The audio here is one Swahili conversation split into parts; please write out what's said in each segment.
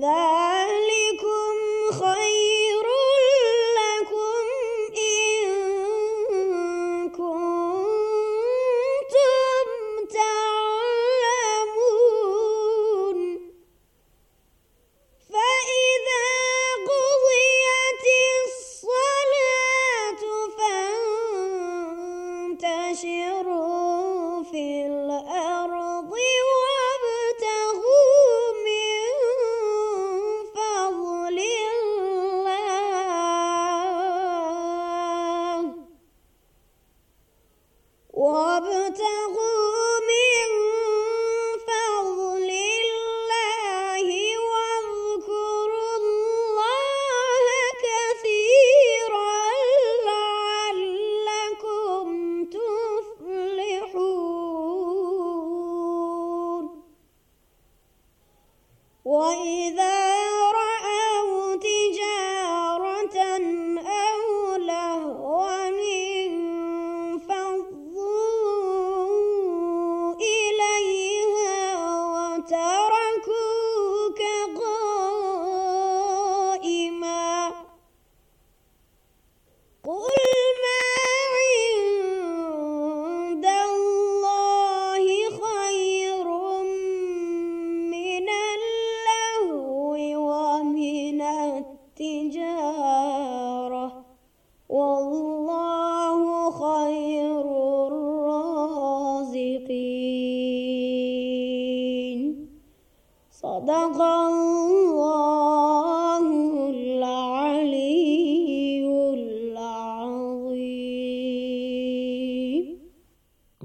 La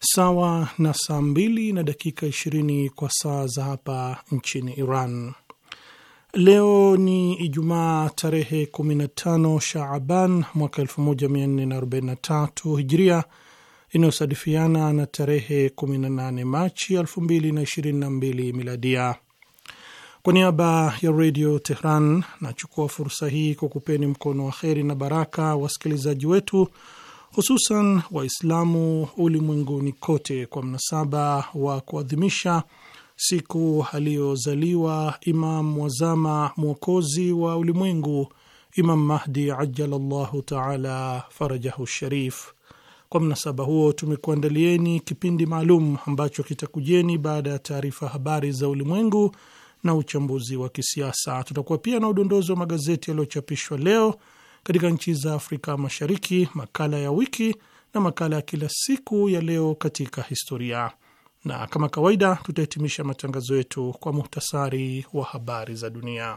sawa na saa mbili na dakika ishirini kwa saa za hapa nchini Iran. Leo ni Ijumaa tarehe 15 Shaaban mwaka 1443 Hijria, inayosadifiana na tarehe 18 Machi 2022 Miladia. Kwa niaba ya Redio Tehran nachukua fursa hii kukupeni mkono wa kheri na baraka wasikilizaji wetu hususan Waislamu ulimwenguni kote kwa mnasaba wa kuadhimisha siku aliyozaliwa Imam wazama mwokozi wa ulimwengu Imam Mahdi ajalallahu taala farajahu sharif. Kwa mnasaba huo tumekuandalieni kipindi maalum ambacho kitakujeni baada ya taarifa habari za ulimwengu na uchambuzi wa kisiasa. Tutakuwa pia na udondozi wa magazeti yaliyochapishwa leo katika nchi za Afrika Mashariki, makala ya wiki na makala ya kila siku ya leo katika historia, na kama kawaida tutahitimisha matangazo yetu kwa muhtasari wa habari za dunia.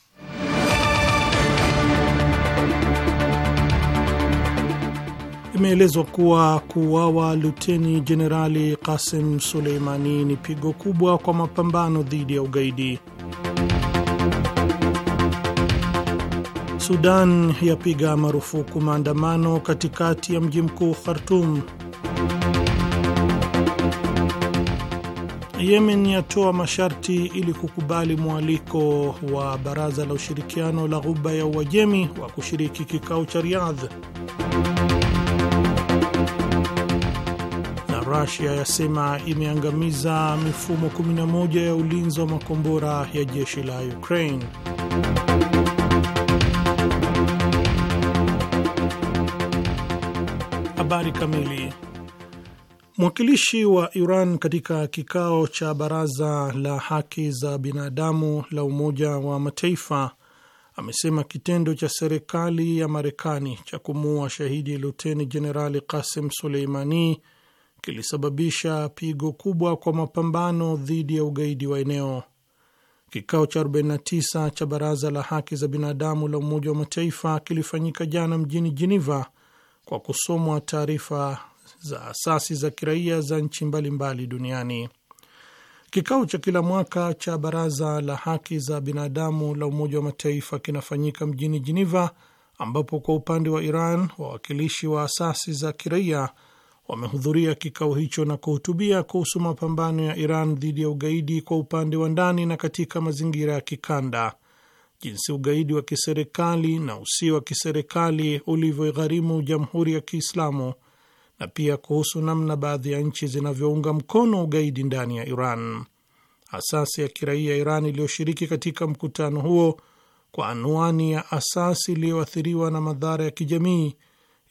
Imeelezwa kuwa kuuawa Luteni Jenerali kasim Suleimani ni pigo kubwa kwa mapambano dhidi ya ugaidi. Sudan yapiga marufuku maandamano katikati ya mji mkuu Khartum. Yemen yatoa masharti ili kukubali mwaliko wa Baraza la Ushirikiano la Ghuba ya Uajemi wa kushiriki kikao cha Riyadh. Russia yasema imeangamiza mifumo 11 ya ulinzi wa makombora ya jeshi la Ukraine. Habari kamili. Mwakilishi wa Iran katika kikao cha Baraza la Haki za Binadamu la Umoja wa Mataifa amesema kitendo cha serikali ya Marekani cha kumuua shahidi Luteni Jenerali Qasem Suleimani kilisababisha pigo kubwa kwa mapambano dhidi ya ugaidi wa eneo. Kikao cha 49 cha Baraza la Haki za Binadamu la Umoja wa Mataifa kilifanyika jana mjini Geneva kwa kusomwa taarifa za asasi za kiraia za nchi mbalimbali duniani. Kikao cha kila mwaka cha Baraza la Haki za Binadamu la Umoja wa Mataifa kinafanyika mjini Geneva, ambapo kwa upande wa Iran wawakilishi wa asasi za kiraia wamehudhuria kikao hicho na kuhutubia kuhusu mapambano ya Iran dhidi ya ugaidi kwa upande wa ndani na katika mazingira ya kikanda, jinsi ugaidi wa kiserikali na usio wa kiserikali ulivyogharimu Jamhuri ya Kiislamu na pia kuhusu namna baadhi ya nchi zinavyounga mkono ugaidi ndani ya Iran. Asasi ya kiraia ya Iran iliyoshiriki katika mkutano huo kwa anwani ya asasi iliyoathiriwa na madhara ya kijamii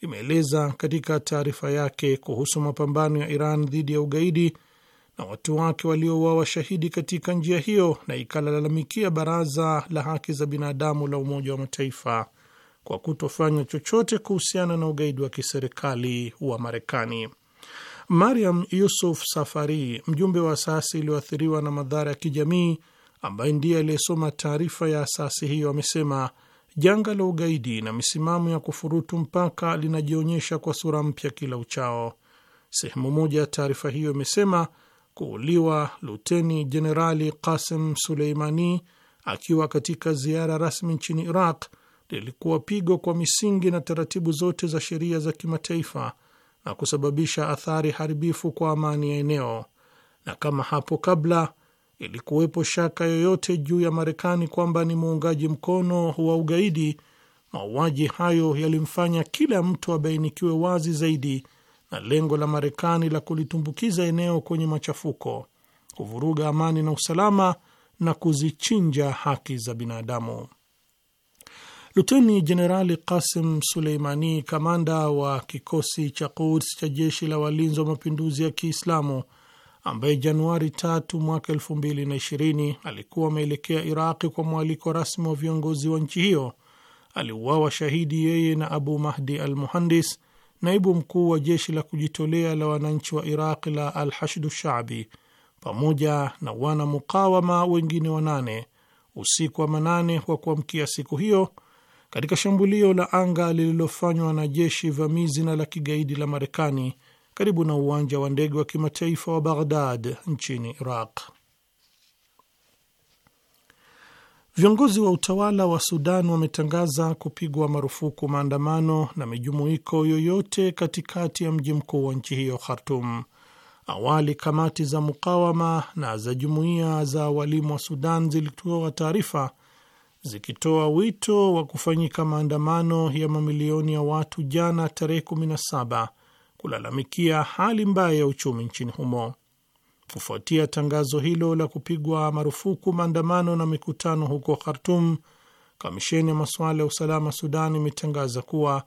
imeeleza katika taarifa yake kuhusu mapambano ya Iran dhidi ya ugaidi na watu wake waliouawa washahidi katika njia hiyo, na ikalalamikia Baraza la Haki za Binadamu la Umoja wa Mataifa kwa kutofanya chochote kuhusiana na ugaidi wa kiserikali wa Marekani. Mariam Yusuf Safari, mjumbe wa asasi iliyoathiriwa na madhara ya kijamii, ambaye ndiye aliyesoma taarifa ya asasi hiyo, amesema Janga la ugaidi na misimamo ya kufurutu mpaka linajionyesha kwa sura mpya kila uchao. Sehemu moja ya taarifa hiyo imesema kuuliwa Luteni Jenerali Qasim Suleimani akiwa katika ziara rasmi nchini Iraq lilikuwa pigo kwa misingi na taratibu zote za sheria za kimataifa na kusababisha athari haribifu kwa amani ya eneo, na kama hapo kabla ili kuwepo shaka yoyote juu ya Marekani kwamba ni muungaji mkono wa ugaidi, mauaji hayo yalimfanya kila mtu abainikiwe wazi zaidi na lengo la Marekani la kulitumbukiza eneo kwenye machafuko, kuvuruga amani na usalama na kuzichinja haki za binadamu. Luteni Jenerali Qasim Suleimani, kamanda wa kikosi cha Quds cha jeshi la walinzi wa mapinduzi ya Kiislamu, ambaye Januari tatu mwaka elfu mbili na ishirini alikuwa ameelekea Iraqi kwa mwaliko rasmi wa viongozi wa nchi hiyo, aliuawa shahidi yeye na Abu Mahdi al Muhandis, naibu mkuu wa jeshi la kujitolea la wananchi wa iraqi la al Hashdu Shabi, pamoja na wana mukawama wengine wanane usiku wa manane wa kuamkia siku hiyo katika shambulio la anga lililofanywa na jeshi vamizi na la kigaidi la Marekani karibu na uwanja wa ndege wa kimataifa wa Baghdad nchini Iraq. Viongozi wa utawala wa Sudan wametangaza kupigwa marufuku maandamano na mijumuiko yoyote katikati ya mji mkuu wa nchi hiyo Khartum. Awali kamati za mukawama na za jumuiya za walimu wa Sudan zilitoa taarifa zikitoa wito wa kufanyika maandamano ya mamilioni ya watu jana tarehe saba kulalamikia hali mbaya ya uchumi nchini humo. Kufuatia tangazo hilo la kupigwa marufuku maandamano na mikutano huko Khartum, kamisheni ya masuala ya usalama Sudan imetangaza kuwa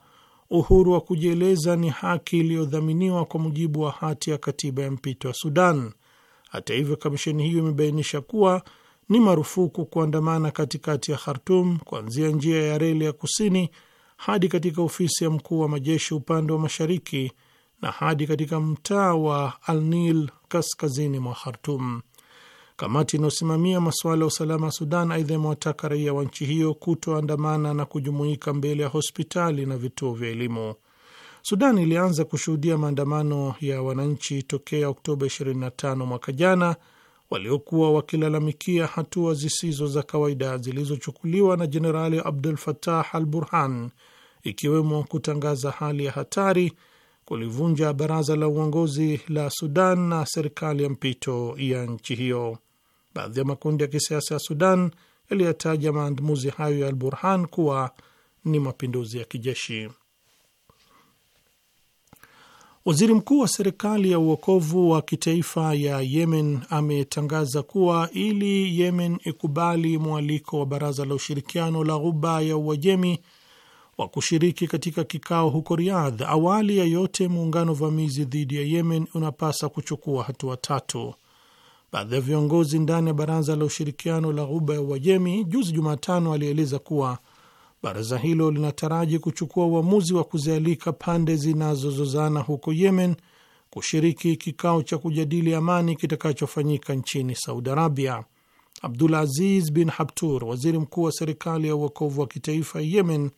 uhuru wa kujieleza ni haki iliyodhaminiwa kwa mujibu wa hati ya katiba ya mpito ya Sudan. Hata hivyo, kamisheni hiyo imebainisha kuwa ni marufuku kuandamana katikati ya Khartum, kuanzia njia ya reli ya kusini hadi katika ofisi ya mkuu wa majeshi upande wa mashariki na hadi katika mtaa wa Alnil kaskazini mwa Khartum. Kamati inayosimamia masuala ya usalama ya Sudan aidha imewataka raia wa nchi hiyo kutoandamana na kujumuika mbele ya hospitali na vituo vya elimu. Sudan ilianza kushuhudia maandamano ya wananchi tokea Oktoba 25 mwaka jana, waliokuwa wakilalamikia hatua zisizo za kawaida zilizochukuliwa na Jenerali Abdul Fatah al Burhan, ikiwemo kutangaza hali ya hatari kulivunja baraza la uongozi la Sudan na serikali ya mpito ya nchi hiyo. Baadhi ya makundi ya kisiasa ya Sudan yaliyataja maandamuzi hayo ya Al-Burhan kuwa ni mapinduzi ya kijeshi. Waziri mkuu wa serikali ya uokovu wa kitaifa ya Yemen ametangaza kuwa ili Yemen ikubali mwaliko wa baraza la ushirikiano la Ghuba ya Uajemi wa kushiriki katika kikao huko Riyadh. Awali ya yote, muungano vamizi dhidi ya Yemen unapasa kuchukua hatua tatu. Baadhi ya viongozi ndani ya baraza la ushirikiano la Ghuba ya Uajemi juzi Jumatano alieleza kuwa baraza hilo linataraji kuchukua uamuzi wa kuzialika pande zinazozozana huko Yemen kushiriki kikao cha kujadili amani kitakachofanyika nchini Saudi Arabia. Abdul Aziz bin Habtur, waziri mkuu wa serikali ya uokovu wa kitaifa ya Yemen,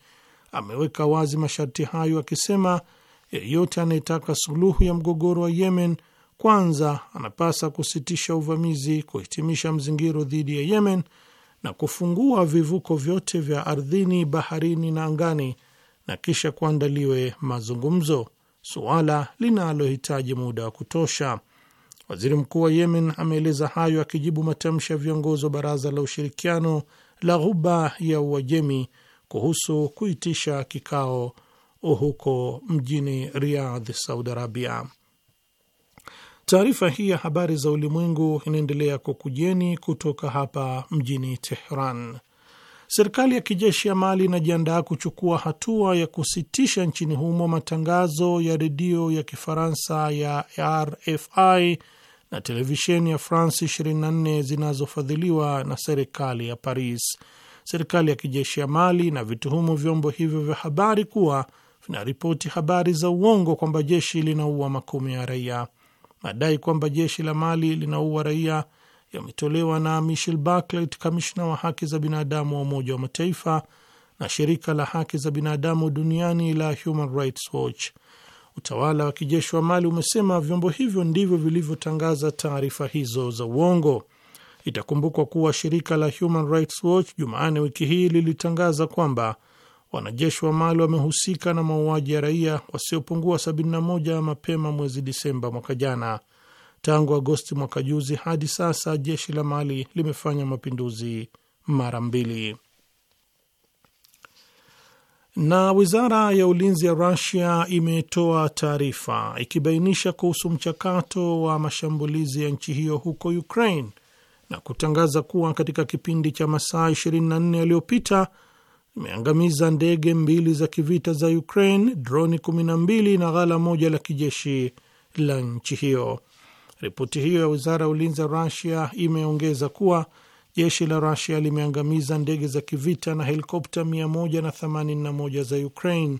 ameweka wazi masharti hayo akisema yeyote anayetaka suluhu ya mgogoro wa Yemen kwanza anapasa kusitisha uvamizi, kuhitimisha mzingiro dhidi ya Yemen na kufungua vivuko vyote vya ardhini, baharini na angani, na kisha kuandaliwe mazungumzo, suala linalohitaji muda wa kutosha. Waziri mkuu wa Yemen ameeleza hayo akijibu matamshi ya viongozi wa Baraza la Ushirikiano la Ghuba ya Uajemi kuhusu kuitisha kikao huko mjini Riyadh, Saudi Arabia. Taarifa hii ya habari za ulimwengu inaendelea kukujeni kutoka hapa mjini Tehran. Serikali ya kijeshi ya Mali inajiandaa kuchukua hatua ya kusitisha nchini humo matangazo ya redio ya Kifaransa ya RFI na televisheni ya France 24 zinazofadhiliwa na serikali ya Paris serikali ya kijeshi ya Mali na vituhumu vyombo hivyo vya habari kuwa vinaripoti habari za uongo kwamba jeshi linaua makumi ya raia. Madai kwamba jeshi la Mali linaua raia yametolewa na Michel Bachelet, kamishna wa haki za binadamu wa Umoja wa Mataifa na shirika la haki za binadamu duniani la Human Rights Watch. Utawala wa kijeshi wa Mali umesema vyombo hivyo ndivyo vilivyotangaza taarifa hizo za uongo. Itakumbukwa kuwa shirika la Human Rights Watch Jumanne wiki hii lilitangaza kwamba wanajeshi wa Mali wamehusika na mauaji ya raia wasiopungua 71 mapema mwezi Disemba mwaka jana. Tangu Agosti mwaka juzi hadi sasa jeshi la Mali limefanya mapinduzi mara mbili. Na wizara ya ulinzi ya Rusia imetoa taarifa ikibainisha kuhusu mchakato wa mashambulizi ya nchi hiyo huko Ukraine na kutangaza kuwa katika kipindi cha masaa 24 yaliyopita imeangamiza ndege mbili za kivita za Ukraine, droni 12 na ghala moja la kijeshi la nchi hiyo. Ripoti hiyo ya wizara ya ulinzi ya Rusia imeongeza kuwa jeshi la Rusia limeangamiza ndege za kivita na helikopta 181 za Ukraine,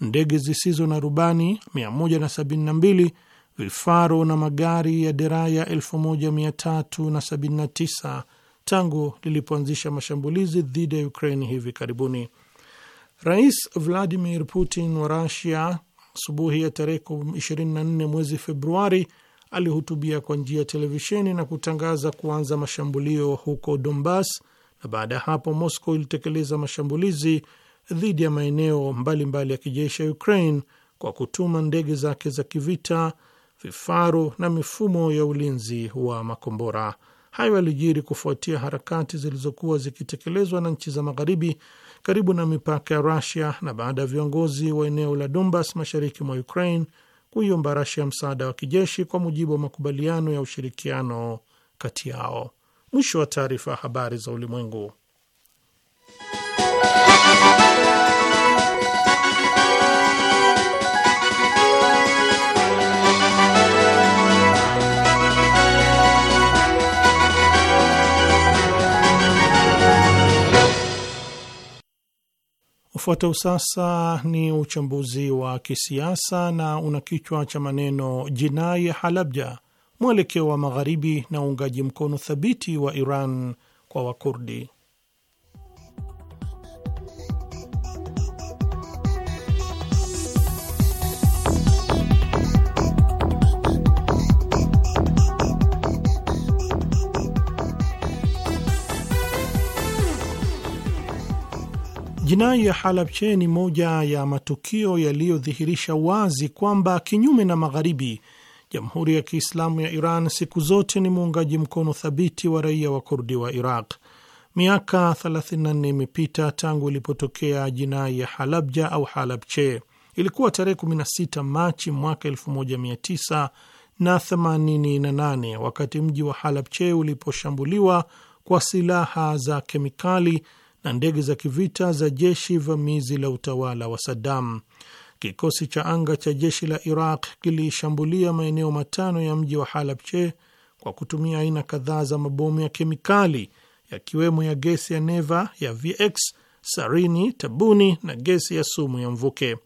ndege zisizo na rubani 172 vifaru na magari ya deraya 1379 tangu lilipoanzisha mashambulizi dhidi ya Ukraine hivi karibuni. Rais Vladimir Putin wa Rusia asubuhi ya tarehe 24 mwezi Februari alihutubia kwa njia ya televisheni na kutangaza kuanza mashambulio huko Donbas, na baada ya hapo Moscow ilitekeleza mashambulizi dhidi ya maeneo mbalimbali ya kijeshi ya Ukraine kwa kutuma ndege zake za kivita vifaru na mifumo ya ulinzi wa makombora. Hayo yalijiri kufuatia harakati zilizokuwa zikitekelezwa na nchi za magharibi karibu na mipaka ya Rusia na baada ya viongozi wa eneo la Donbas mashariki mwa Ukraine kuiomba Rusia msaada wa kijeshi kwa mujibu wa makubaliano ya ushirikiano kati yao. Mwisho wa taarifa. Habari za Ulimwengu. Ufuatao sasa ni uchambuzi wa kisiasa na una kichwa cha maneno jinai Halabja, mwelekeo wa magharibi na uungaji mkono thabiti wa Iran kwa Wakurdi. Jinai ya Halabche ni moja ya matukio yaliyodhihirisha wazi kwamba kinyume na magharibi, Jamhuri ya Kiislamu ya Iran siku zote ni muungaji mkono thabiti wa raia wa Kurdi wa Iraq. Miaka 34 imepita tangu ilipotokea jinai ya Halabja au Halabche. Ilikuwa tarehe 16 Machi mwaka 1988 wakati mji wa Halabche uliposhambuliwa kwa silaha za kemikali na ndege za kivita za jeshi vamizi la utawala wa Saddam. Kikosi cha anga cha jeshi la Iraq kilishambulia maeneo matano ya mji wa Halabche kwa kutumia aina kadhaa za mabomu ya kemikali yakiwemo ya gesi ya neva ya VX, sarini, tabuni na gesi ya sumu ya mvuke.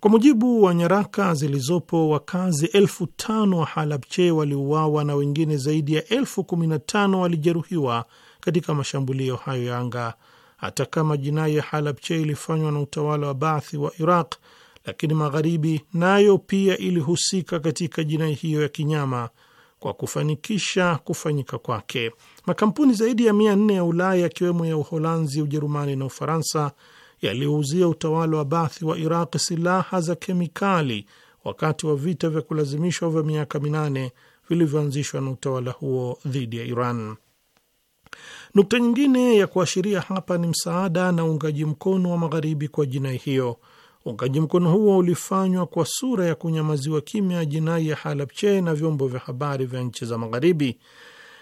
Kwa mujibu wa nyaraka zilizopo, wakazi elfu tano wa Halabche waliuawa na wengine zaidi ya elfu kumi na tano walijeruhiwa katika mashambulio hayo ya anga hata kama jinai ya Halabche ilifanywa na utawala wa Baathi wa Iraq, lakini Magharibi nayo pia ilihusika katika jinai hiyo ya kinyama kwa kufanikisha kufanyika kwake. Makampuni zaidi ya mia nne ya Ulaya yakiwemo ya Uholanzi, Ujerumani na Ufaransa yaliyouzia utawala wa Baathi wa Iraq silaha za kemikali wakati wa vita vya kulazimishwa vya miaka minane vilivyoanzishwa na utawala huo dhidi ya Iran. Nukta nyingine ya kuashiria hapa ni msaada na uungaji mkono wa Magharibi kwa jinai hiyo. Uungaji mkono huo ulifanywa kwa sura ya kunyamaziwa kimya jinai ya Halabche na vyombo vya habari vya nchi za Magharibi.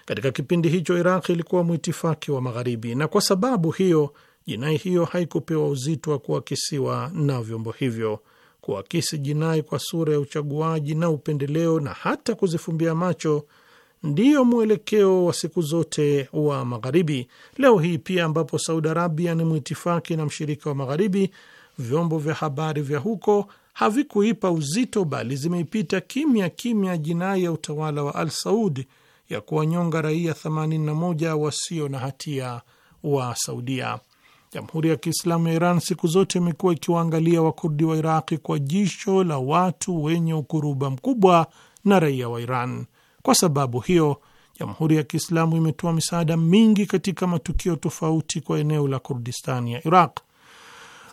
Katika kipindi hicho, Iraq ilikuwa mwitifaki wa Magharibi, na kwa sababu hiyo jinai hiyo haikupewa uzito wa kuakisiwa na vyombo hivyo. Kuakisi jinai kwa sura ya uchaguaji na upendeleo na hata kuzifumbia macho ndiyo mwelekeo wa siku zote wa Magharibi. Leo hii pia, ambapo Saudi Arabia ni mwitifaki na mshirika wa Magharibi, vyombo vya habari vya huko havikuipa uzito, bali zimeipita kimya kimya jinai ya utawala wa Al Saud ya kuwanyonga raia 81 wasio na hatia wa Saudia. Jamhuri ya Kiislamu ya Iran siku zote imekuwa ikiwaangalia Wakurdi wa Iraqi kwa jicho la watu wenye ukuruba mkubwa na raia wa Iran. Kwa sababu hiyo, Jamhuri ya Kiislamu imetoa misaada mingi katika matukio tofauti kwa eneo la Kurdistani ya Iraq.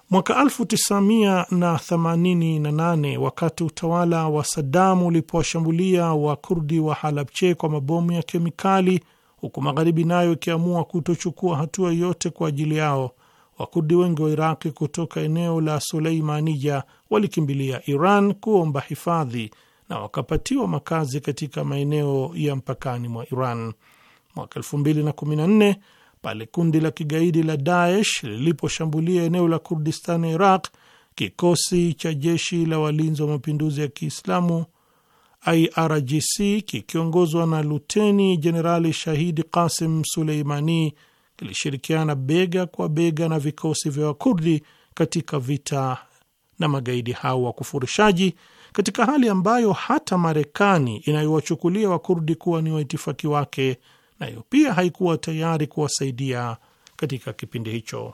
Mwaka 1988 wakati utawala wa Sadamu ulipowashambulia Wakurdi wa Halabche kwa mabomu ya kemikali, huku magharibi nayo ikiamua kutochukua hatua yoyote kwa ajili yao, Wakurdi wengi wa Iraqi kutoka eneo la suleimanija walikimbilia Iran kuomba hifadhi na wakapatiwa makazi katika maeneo ya mpakani mwa Iran. Mwaka nne pale kundi la kigaidi la Daesh liliposhambulia eneo la Kurdistan ya Iraq, kikosi cha jeshi la walinzi wa mapinduzi ya Kiislamu IRGC kikiongozwa na luteni jenerali shahidi Qasim Suleimani kilishirikiana bega kwa bega na vikosi vya Wakurdi katika vita na magaidi hao wa kufurishaji katika hali ambayo hata Marekani inayowachukulia Wakurdi kuwa ni waitifaki wake nayo pia haikuwa tayari kuwasaidia katika kipindi hicho.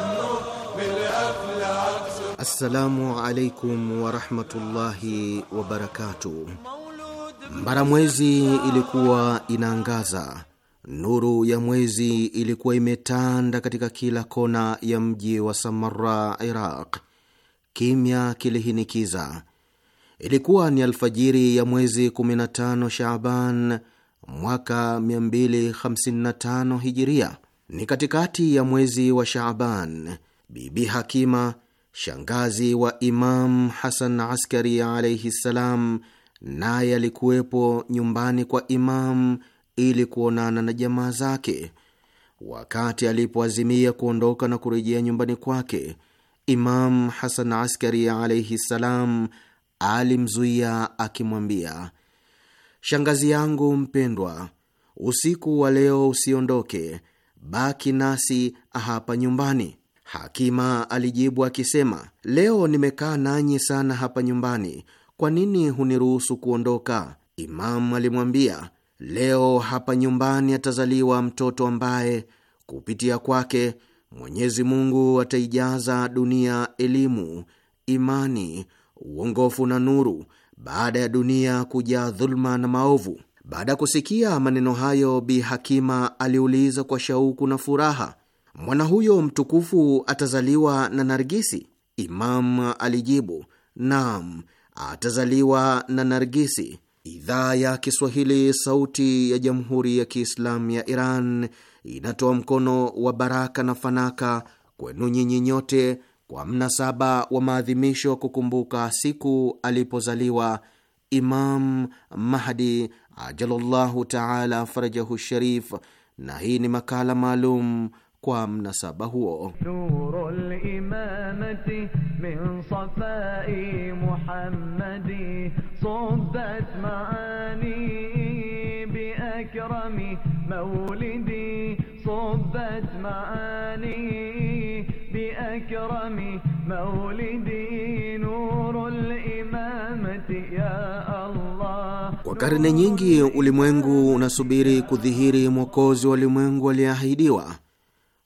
Assalamu alaikum warahmatullahi wabarakatuh. Mbara mwezi ilikuwa inaangaza, nuru ya mwezi ilikuwa imetanda katika kila kona ya mji wa Samara, Iraq. Kimya kilihinikiza. Ilikuwa ni alfajiri ya mwezi 15 Shaaban mwaka 255 Hijiria, ni katikati ya mwezi wa Shaaban. Bibi Hakima, shangazi wa Imam Hasan Askari alaihi ssalam, naye alikuwepo nyumbani kwa Imam ili kuonana na jamaa zake. Wakati alipoazimia kuondoka na kurejea nyumbani kwake, Imam Hasan Askari alaihi ssalam alimzuia akimwambia, shangazi yangu mpendwa, usiku wa leo usiondoke, baki nasi hapa nyumbani. Hakima alijibu akisema, leo nimekaa nanyi sana hapa nyumbani, kwa nini huniruhusu kuondoka? Imamu alimwambia, leo hapa nyumbani atazaliwa mtoto ambaye kupitia kwake Mwenyezi Mungu ataijaza dunia elimu, imani, uongofu na nuru, baada ya dunia kujaa dhuluma na maovu. Baada ya kusikia maneno hayo, Bi Hakima aliuliza kwa shauku na furaha mwana huyo mtukufu atazaliwa na Nargisi? Imam alijibu, naam, atazaliwa na Nargisi. Idhaa ya Kiswahili, Sauti ya Jamhuri ya Kiislamu ya Iran inatoa mkono wa baraka na fanaka kwenu nyinyi nyote kwa mnasaba wa maadhimisho kukumbuka siku alipozaliwa Imam Mahdi ajalallahu taala farajahu sharif, na hii ni makala maalum kwa mnasaba huo. Kwa karne nyingi ulimwengu unasubiri kudhihiri mwokozi wa ulimwengu aliyeahidiwa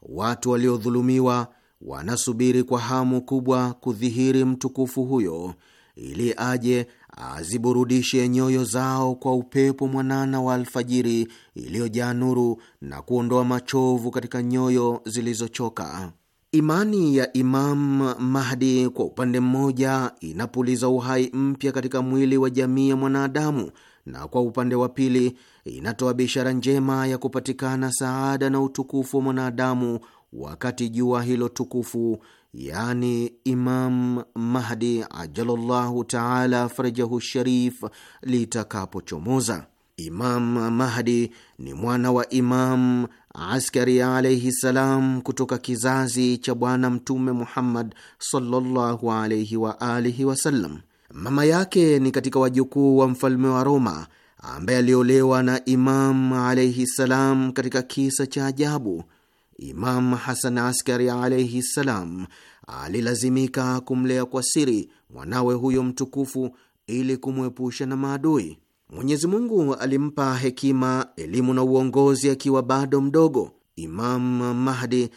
watu waliodhulumiwa wanasubiri kwa hamu kubwa kudhihiri mtukufu huyo ili aje aziburudishe nyoyo zao kwa upepo mwanana wa alfajiri iliyojaa nuru na kuondoa machovu katika nyoyo zilizochoka. Imani ya Imam Mahdi kwa upande mmoja inapuliza uhai mpya katika mwili wa jamii ya mwanadamu na kwa upande wa pili inatoa bishara njema ya kupatikana saada na utukufu wa mwanadamu wakati jua hilo tukufu, yani Imam Mahdi ajalallahu taala farajahu sharif litakapochomoza. Imam Mahdi ni mwana wa Imam Askari alaihi salam kutoka kizazi cha Bwana Mtume Muhammad sallallahu alaihi waalihi wasallam. Mama yake ni katika wajukuu wa mfalme wa Roma ambaye aliolewa na Imam alaihi ssalam katika kisa cha ajabu. Imam Hasan Askari alaihi ssalam alilazimika kumlea kwa siri mwanawe huyo mtukufu ili kumwepusha na maadui. Mwenyezi Mungu alimpa hekima, elimu na uongozi akiwa bado mdogo. Imam Mahdi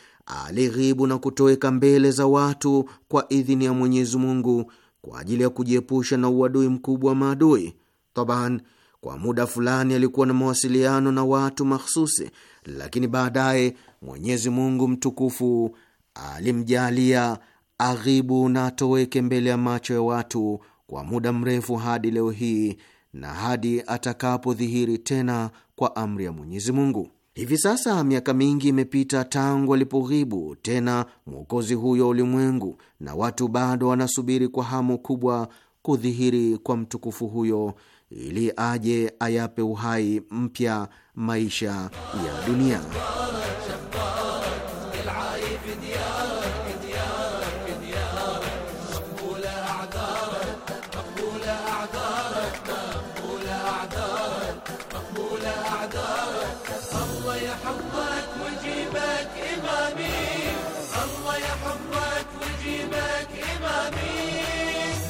alighibu na kutoweka mbele za watu kwa idhini ya Mwenyezi Mungu kwa ajili ya kujiepusha na uadui mkubwa wa maadui. Taban, kwa muda fulani alikuwa na mawasiliano na watu mahsusi, lakini baadaye Mwenyezi Mungu mtukufu alimjalia aghibu na atoweke mbele ya macho ya watu kwa muda mrefu hadi leo hii na hadi atakapodhihiri tena kwa amri ya Mwenyezi Mungu. Hivi sasa miaka mingi imepita tangu alipoghibu tena mwokozi huyo ulimwengu, na watu bado wanasubiri kwa hamu kubwa kudhihiri kwa mtukufu huyo ili aje ayape uhai mpya maisha ya dunia.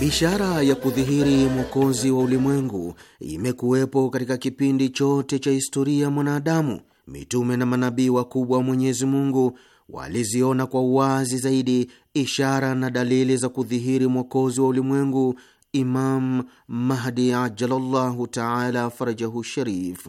Ishara ya kudhihiri mwokozi wa ulimwengu imekuwepo katika kipindi chote cha historia ya mwanadamu. Mitume na manabii wakubwa wa Mwenyezi Mungu waliziona kwa uwazi zaidi ishara na dalili za kudhihiri mwokozi wa ulimwengu, Imam Mahdi ajalallahu taala farajahu sharif.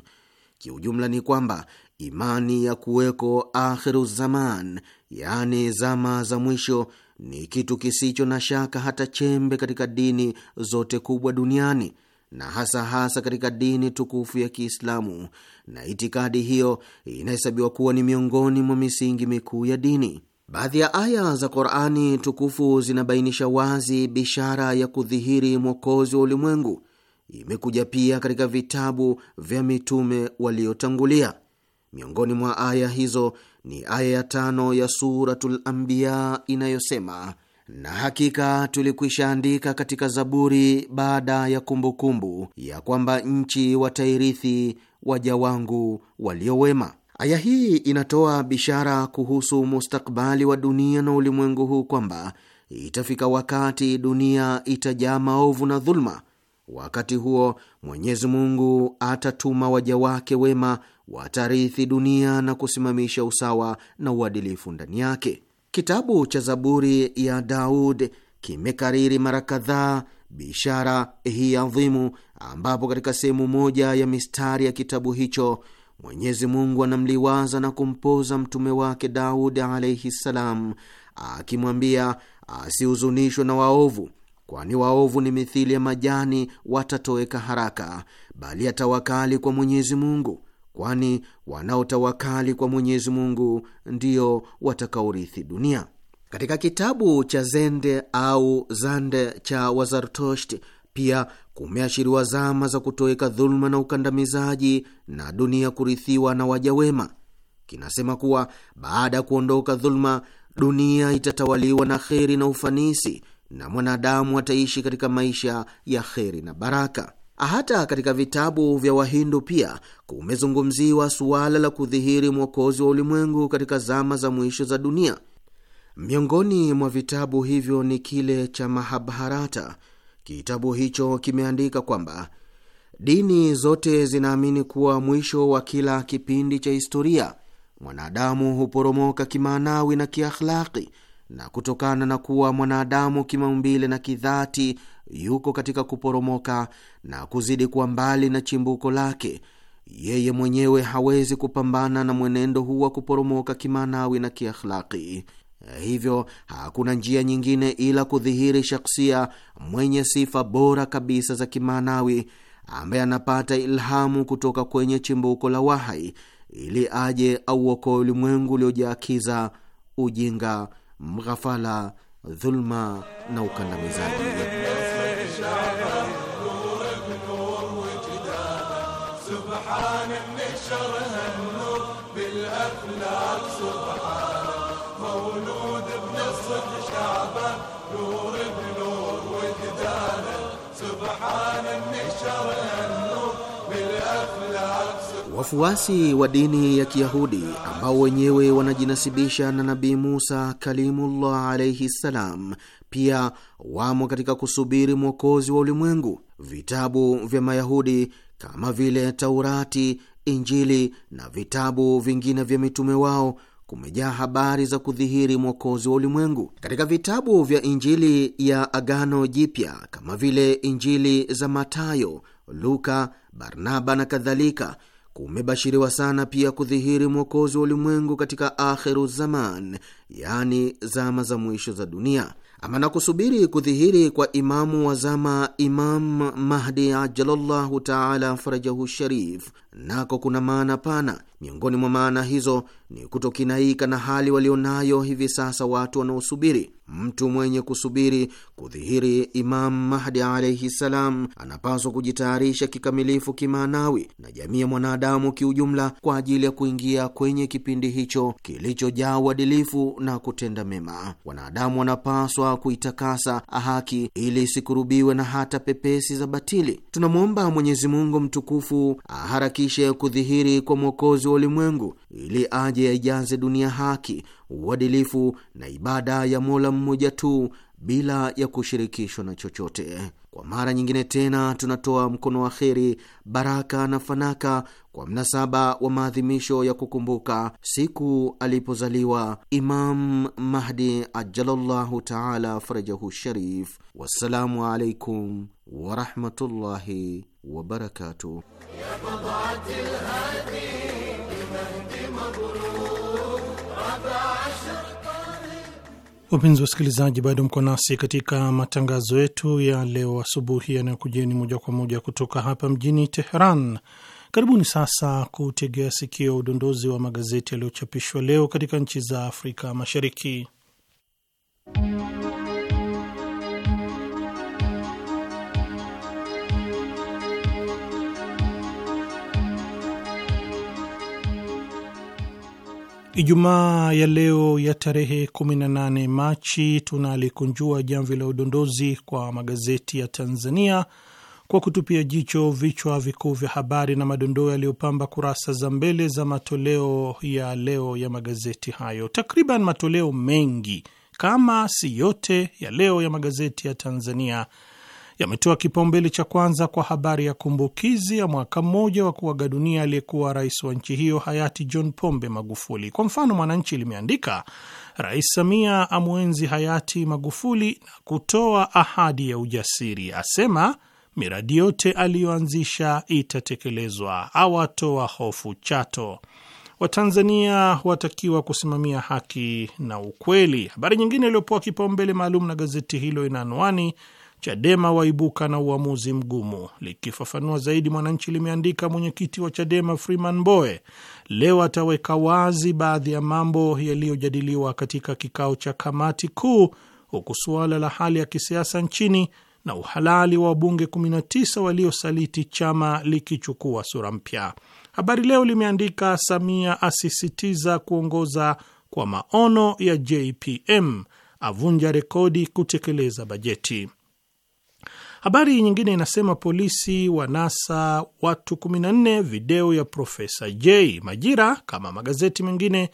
Kiujumla ni kwamba imani ya kuweko akhiru zaman, yaani zama za mwisho ni kitu kisicho na shaka hata chembe katika dini zote kubwa duniani na hasa hasa katika dini tukufu ya Kiislamu, na itikadi hiyo inahesabiwa kuwa ni miongoni mwa misingi mikuu ya dini. Baadhi ya aya za Qur'ani tukufu zinabainisha wazi bishara ya kudhihiri mwokozi wa ulimwengu. Imekuja pia katika vitabu vya mitume waliotangulia. Miongoni mwa aya hizo ni aya ya tano ya Suratul Anbiya inayosema na hakika tulikwisha andika katika Zaburi baada ya kumbukumbu kumbu, ya kwamba nchi watairithi waja wangu waliowema. Aya hii inatoa bishara kuhusu mustakbali wa dunia na ulimwengu huu kwamba itafika wakati dunia itajaa maovu na dhuluma. Wakati huo Mwenyezi Mungu atatuma waja wake wema watarithi dunia na kusimamisha usawa na uadilifu ndani yake. Kitabu cha Zaburi ya Daud kimekariri mara kadhaa bishara hii adhimu, ambapo katika sehemu moja ya mistari ya kitabu hicho Mwenyezi Mungu anamliwaza na kumpoza mtume wake Daudi alaihi ssalam, akimwambia asihuzunishwe na waovu, kwani waovu ni mithili ya majani, watatoweka haraka, bali atawakali kwa Mwenyezi Mungu kwani wanaotawakali kwa Mwenyezi Mungu ndio watakaorithi dunia. Katika kitabu cha Zende au Zande cha Wazartosht pia kumeashiriwa zama za kutoweka dhuluma na ukandamizaji na dunia kurithiwa na waja wema. Kinasema kuwa baada ya kuondoka dhuluma, dunia itatawaliwa na kheri na ufanisi, na mwanadamu ataishi katika maisha ya kheri na baraka. Hata katika vitabu vya Wahindu pia kumezungumziwa suala la kudhihiri mwokozi wa ulimwengu katika zama za mwisho za dunia. Miongoni mwa vitabu hivyo ni kile cha Mahabharata. Kitabu hicho kimeandika kwamba dini zote zinaamini kuwa mwisho wa kila kipindi cha historia mwanadamu huporomoka kimaanawi na kiakhlaki, na kutokana na kuwa mwanadamu kimaumbile na kidhati yuko katika kuporomoka na kuzidi kuwa mbali na chimbuko lake. Yeye mwenyewe hawezi kupambana na mwenendo huu wa kuporomoka kimaanawi na kiakhlaki. Hivyo hakuna njia nyingine ila kudhihiri shakhsia mwenye sifa bora kabisa za kimaanawi ambaye anapata ilhamu kutoka kwenye chimbuko la wahai ili aje auokoe ulimwengu uliojaa kiza, ujinga, mghafala, dhulma na ukandamizaji. شافه نور بنور وجدانه سبحان نشرها النور بالأفلاك سبحانه مولود بنصف شعبه نور بنور وجداده سبحان النور Wafuasi wa dini ya Kiyahudi ambao wenyewe wanajinasibisha na Nabii Musa Kalimullah alaihi ssalam, pia wamo katika kusubiri mwokozi wa ulimwengu. Vitabu vya Mayahudi kama vile Taurati, Injili na vitabu vingine vya mitume wao kumejaa habari za kudhihiri mwokozi wa ulimwengu. Katika vitabu vya Injili ya Agano Jipya kama vile Injili za Matayo, Luka, Barnaba na kadhalika kumebashiriwa sana pia kudhihiri mwokozi wa ulimwengu katika akhiru zaman, yani zama za mwisho za dunia. Ama na kusubiri kudhihiri kwa imamu wa zama, Imam Mahdi ajalallahu taala farajahu sharif nako kuna maana pana. Miongoni mwa maana hizo ni kutokinaika na hali walionayo hivi sasa watu wanaosubiri. Mtu mwenye kusubiri kudhihiri Imamu Mahdi alaihi ssalam anapaswa kujitayarisha kikamilifu kimaanawi na jamii ya mwanadamu kiujumla kwa ajili ya kuingia kwenye kipindi hicho kilichojaa uadilifu na kutenda mema. Wanadamu wanapaswa kuitakasa haki ili isikurubiwe na hata pepesi za batili. Tunamwomba Mwenyezi Mungu mtukufu aharaki kisha ya kudhihiri kwa mwokozi wa ulimwengu ili aje yaijaze dunia haki, uadilifu na ibada ya Mola mmoja tu bila ya kushirikishwa na chochote. Kwa mara nyingine tena tunatoa mkono wa kheri, baraka na fanaka kwa mnasaba wa maadhimisho ya kukumbuka siku alipozaliwa Imam Mahdi ajalallahu taala farajahu sharif. Wassalamu alaikum warahmatullahi wabarakatuh. Wapenzi wasikilizaji, bado mko nasi katika matangazo yetu ya leo asubuhi yanayokujieni moja kwa moja kutoka hapa mjini Teheran. Karibuni sasa kutegea sikio udondozi wa magazeti yaliyochapishwa leo katika nchi za Afrika Mashariki. Ijumaa ya leo ya tarehe 18 Machi tunalikunjua jamvi la udondozi kwa magazeti ya Tanzania kwa kutupia jicho vichwa vikuu vya habari na madondoo yaliyopamba kurasa za mbele za matoleo ya leo ya magazeti hayo. Takriban matoleo mengi kama si yote ya leo ya magazeti ya Tanzania yametoa kipaumbele cha kwanza kwa habari ya kumbukizi ya mwaka mmoja wa kuaga dunia aliyekuwa rais wa nchi hiyo hayati John Pombe Magufuli. Kwa mfano, Mwananchi limeandika Rais Samia amwenzi hayati Magufuli na kutoa ahadi ya ujasiri, asema miradi yote aliyoanzisha itatekelezwa, awatoa hofu Chato. Watanzania watakiwa kusimamia haki na ukweli. Habari nyingine iliyopewa kipaumbele maalum na gazeti hilo ina anwani Chadema waibuka na uamuzi mgumu. Likifafanua zaidi, Mwananchi limeandika mwenyekiti wa Chadema Freeman Mbowe leo ataweka wazi baadhi ya mambo yaliyojadiliwa katika kikao cha kamati kuu, huku suala la hali ya kisiasa nchini na uhalali wa wabunge 19 waliosaliti chama likichukua sura mpya. Habari Leo limeandika Samia asisitiza kuongoza kwa maono ya JPM, avunja rekodi kutekeleza bajeti. Habari nyingine inasema polisi wanasa watu 14, video ya Profesa J. Majira kama magazeti mengine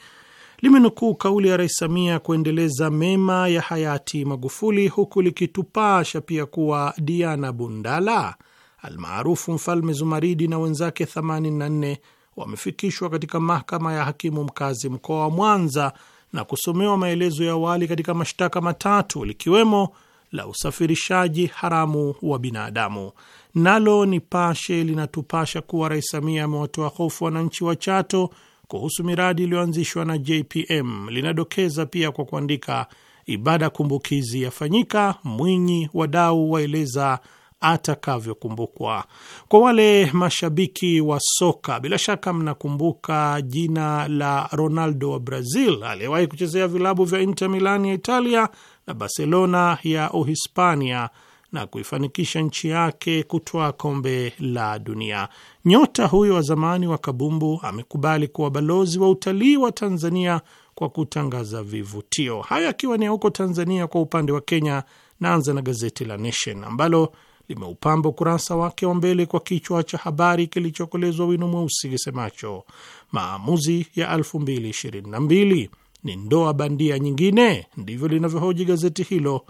limenukuu kauli ya Rais Samia kuendeleza mema ya hayati Magufuli, huku likitupasha pia kuwa Diana Bundala almaarufu Mfalme Zumaridi na wenzake 84 wamefikishwa katika mahakama ya hakimu mkazi mkoa wa Mwanza na kusomewa maelezo ya awali katika mashtaka matatu likiwemo la usafirishaji haramu wa binadamu. Nalo Nipashe linatupasha kuwa Rais Samia amewatoa hofu wananchi wa Chato kuhusu miradi iliyoanzishwa na JPM linadokeza pia kwa kuandika, ibada kumbukizi yafanyika, Mwinyi wadau waeleza atakavyokumbukwa. Kwa wale mashabiki wa soka, bila shaka mnakumbuka jina la Ronaldo wa Brazil aliyewahi kuchezea vilabu vya Inter Milan ya Italia na Barcelona ya Uhispania na kuifanikisha nchi yake kutwaa kombe la dunia. Nyota huyo wa zamani wa kabumbu amekubali kuwa balozi wa utalii wa Tanzania kwa kutangaza vivutio hayo. Akiwa ni huko Tanzania, kwa upande wa Kenya, naanza na gazeti la Nation ambalo limeupamba ukurasa wake wa mbele kwa kichwa cha habari kilichokolezwa wino mweusi kisemacho maamuzi ya 2022 ni ndoa bandia nyingine. Ndivyo linavyohoji gazeti hilo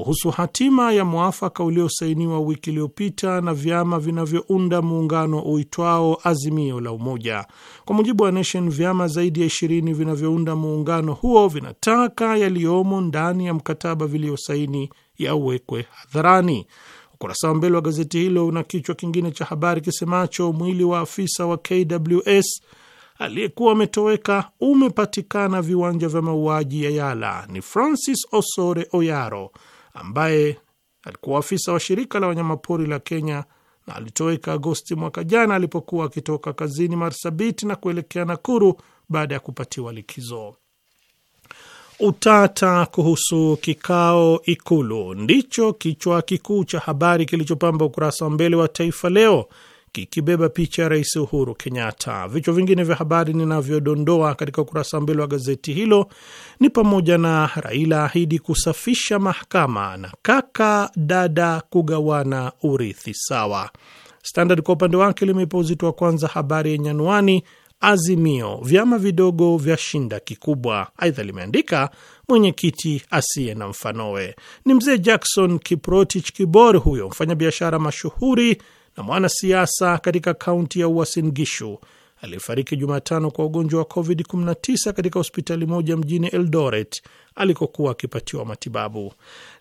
kuhusu hatima ya mwafaka uliosainiwa wiki iliyopita na vyama vinavyounda muungano uitwao Azimio la Umoja. Kwa mujibu wa Nation, vyama zaidi ya ishirini vinavyounda muungano huo vinataka yaliyomo ndani ya mkataba viliosaini yawekwe hadharani. Ukurasa wa mbele wa gazeti hilo una kichwa kingine cha habari kisemacho mwili wa afisa wa KWS aliyekuwa ametoweka umepatikana viwanja vya mauaji ya Yala. Ni Francis Osore Oyaro ambaye alikuwa afisa wa shirika la wanyamapori la Kenya na alitoweka Agosti mwaka jana alipokuwa akitoka kazini Marsabit na kuelekea Nakuru baada ya kupatiwa likizo. Utata kuhusu kikao Ikulu ndicho kichwa kikuu cha habari kilichopamba ukurasa wa mbele wa Taifa Leo kibeba picha ya Rais Uhuru Kenyatta. Vichwa vingine vya habari ninavyodondoa katika ukurasa mbele wa gazeti hilo ni pamoja na Raila ahidi kusafisha mahakama na kaka dada kugawana urithi sawa. Standard kwa upande wake limeipa uzito wa kwanza habari yenye anwani Azimio, vyama vidogo vya shinda kikubwa. Aidha limeandika mwenyekiti asiye na mfanowe ni mzee Jackson Kiprotich Kibor, huyo mfanyabiashara mashuhuri na mwanasiasa katika kaunti ya Uasin Gishu aliyefariki Jumatano kwa ugonjwa wa COVID-19 katika hospitali moja mjini Eldoret alikokuwa akipatiwa matibabu.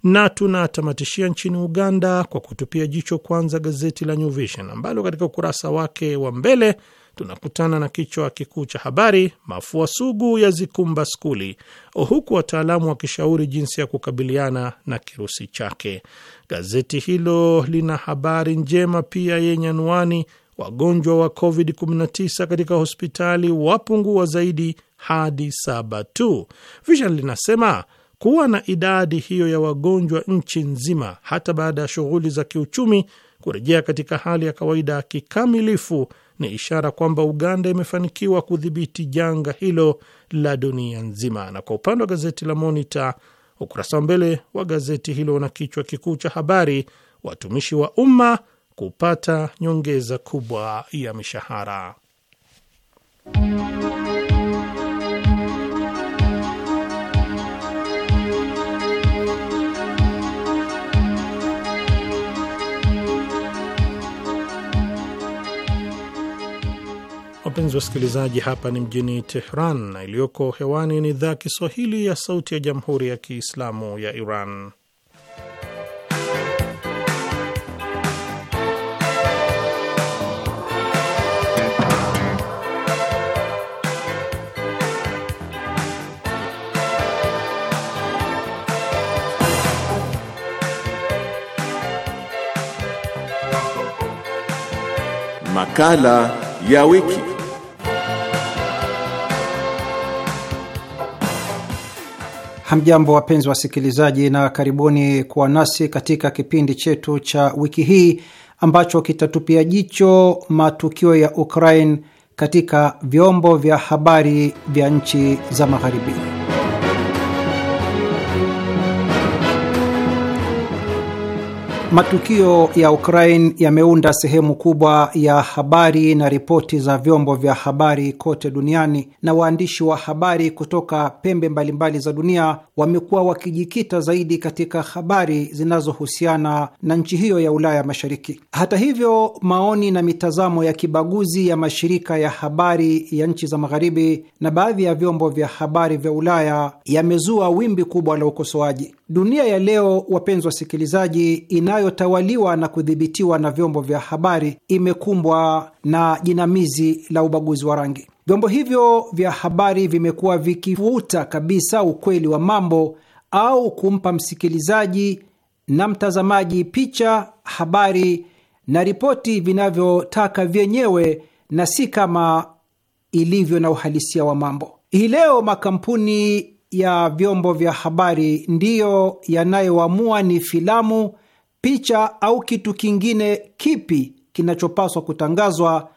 Na tunatamatishia nchini Uganda kwa kutupia jicho kwanza gazeti la New Vision ambalo katika ukurasa wake wa mbele tunakutana na kichwa kikuu cha habari, mafua sugu ya zikumba skuli, huku wataalamu wakishauri jinsi ya kukabiliana na kirusi chake. Gazeti hilo lina habari njema pia yenye anwani, wagonjwa wa COVID-19 katika hospitali wapungua zaidi hadi saba tu. Vision linasema kuwa na idadi hiyo ya wagonjwa nchi nzima hata baada ya shughuli za kiuchumi kurejea katika hali ya kawaida kikamilifu ni ishara kwamba Uganda imefanikiwa kudhibiti janga hilo la dunia nzima. Na kwa upande wa gazeti la monita ukurasa wa mbele wa gazeti hilo na kichwa kikuu cha habari, watumishi wa umma kupata nyongeza kubwa ya mishahara. wapenzi wasikilizaji, hapa ni mjini Tehran na iliyoko hewani ni idhaa Kiswahili ya Sauti ya Jamhuri ya Kiislamu ya Iran. Makala ya wiki. Hamjambo, wapenzi wasikilizaji, na karibuni kuwa nasi katika kipindi chetu cha wiki hii ambacho kitatupia jicho matukio ya Ukraine katika vyombo vya habari vya nchi za Magharibi. Matukio ya Ukraine yameunda sehemu kubwa ya habari na ripoti za vyombo vya habari kote duniani, na waandishi wa habari kutoka pembe mbalimbali za dunia wamekuwa wakijikita zaidi katika habari zinazohusiana na nchi hiyo ya Ulaya Mashariki. Hata hivyo, maoni na mitazamo ya kibaguzi ya mashirika ya habari ya nchi za Magharibi na baadhi ya vyombo vya habari vya Ulaya yamezua wimbi kubwa la ukosoaji. Dunia ya leo, wapenzi wasikilizaji, inayo inayotawaliwa na kudhibitiwa na vyombo vya habari imekumbwa na jinamizi la ubaguzi wa rangi. Vyombo hivyo vya habari vimekuwa vikifuta kabisa ukweli wa mambo au kumpa msikilizaji na mtazamaji picha, habari na ripoti vinavyotaka vyenyewe na si kama ilivyo na uhalisia wa mambo. Hii leo makampuni ya vyombo vya habari ndiyo yanayoamua ni filamu picha au kitu kingine kipi kinachopaswa kutangazwa